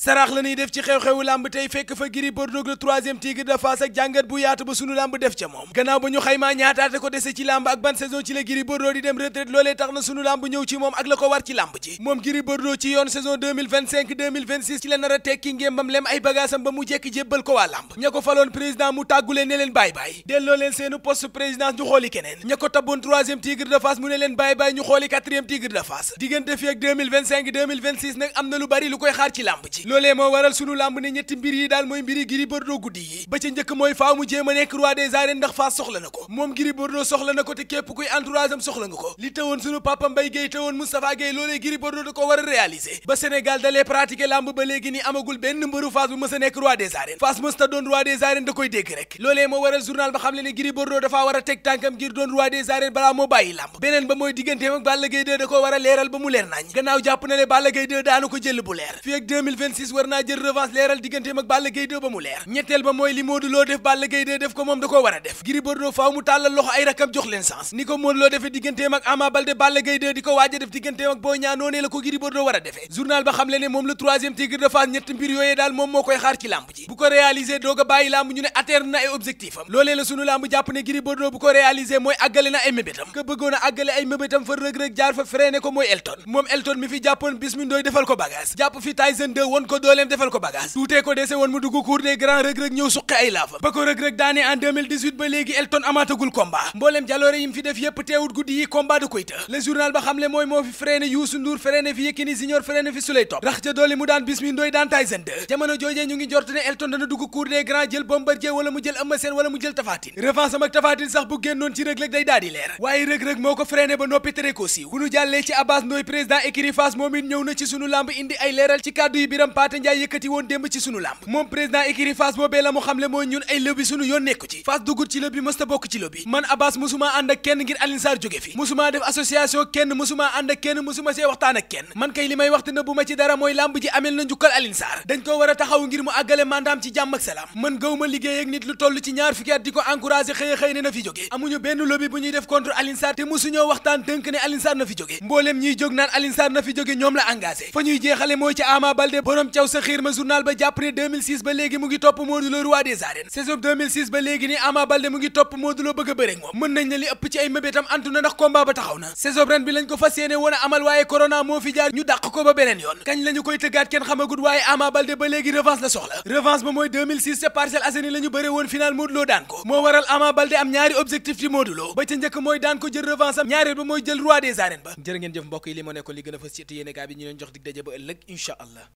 saraax la ñuy def ci xew-xewu làmb tey fekk fa Gris Bordeaux le troisième tigre de Fass ak jàngat bu yaatu ba sunu làmb def ca moom gannaaw ba ñu xaymaa ñaataate ko dese ci làmb ak ban saison ci la Gris Bordeaux di dem retraite loolee tax na sunu làmb ñëw ci moom ak la ko war ci làmb ji moom Gris Bordeaux ci yoon saison 2025 2026 ci la nar a tekki ngémbam lem ay bagaasam ba mu jekki jébbal ko waa làmb ña ko faloon président mu ko tabboon troisième ci loolee moo waral sunu làmb ne ñetti mbir yi daal mooy mbiri Gris Bordeaux guddi yi ba ca njëkk mooy faaw mu nekk roi des arènes ndax Fass soxla na ko moom Gris Bordeaux soxla na ko te képp kuy entourage soxla nga ko li tewoon sunu papa Mbaye Guèye tewoon Moustapha Guèye loolee Gris Bordeaux da ko war a ba Sénégal dalee pratiquer làmb ba léegi ni amagul benn mbëru Fass bu mës nekk roi des arènes Fass mës ta doon roi des arènes da koy dégg rek loolee war naa jël revanche leeral digganteem ak Balla Gaye 2 ba mu leer ñetteel ba mooy li Modou Lo def Balla Gaye 2 def ko moom da koo war a def Gris Bordeaux faaw mu tàllal loxo ay rakam jox leen sens ni ko Modou Lo defee digganteem ak Ama Baldé Balla Gaye 2 di ko waaj def digganteem ak Boy Niang la ko Gris Bordeaux war a defee journal ba xam le moom le troisième tigre de Fass ñett mbir yooyee daal moom moo koy xaar ci làmb ji bu ko réaliser doog ko dooleem defal ko bagage tuutee ko dese woon mu dugg cour des grands rëg-rëg ñëw suqi ay laafam ba ko rëg-rëg daane en 2018 ba léegi Elton amaatagul combat mbooleem jaloore yim fi def yépp teewut guddi yi combat da koy të journal ba xamle mooy moo fi freiné Youssou Ndour freiné fi Yékini Junior freiné fi Souley Top rax ca doole mu daan Bismi Ndoye daan Tyson 2 jamono joojee ñu ngi jortu ne Elton dana dugg cour des grands jël na ci sunu lamb indi ay leeral ci kàddu yi biram Paate Njaay yëkkati woon démb ci sunu làmb moom président écurie Fass boobee la mu xamle mooy ñun ay lobby sunu yoon nekku ci Fass dugut ci lobby mësta bokk ci lobby man Abbas musuma ànd ak kenn ngir Alioune Sarr jóge fi musuma def association kenn musuma ànd ak kenn musuma see waxtaan ak kenn man kay li may na bu ma ci dara mooy làmb ji amel na njukkal Alioune Sarr dañ ko war a taxaw ngir mu àggale mandaam ci jàmm ak salaam man gawma liggéey ak nit l toll ci ñaar fukki at di ko encouragé xëy xëy ne na fi jóge bu ñuy def contre Alioune Sarr te musuñoo waxtaan dënk ne Alioune Sarr na fi jóge mbooleem ñiy jóg naan Alioune ñoom la engagé fa ñuy jeexale mooy ci Sam Thiaw sa xiir ma journal ba jàpp ne 2006 ba léegi mu ngi topp Modou roi des arènes saison ba léegi ni Ama Baldé mu ngi topp Modou Lo bëgg a bëre ak moom mën nañ ne li ëpp ci ay mébétam antu ndax combat ba taxaw na saison bi lañ ko fas yéene woon a amal waaye ba léegi revanche la soxla revanche ba mooy 2006 ca Parcelles Assainies la ñu bëre woon final Modou daan ko moo waral Ama Baldé am ñaari objectif ci Modou ba ca njëkk mooy daan a fas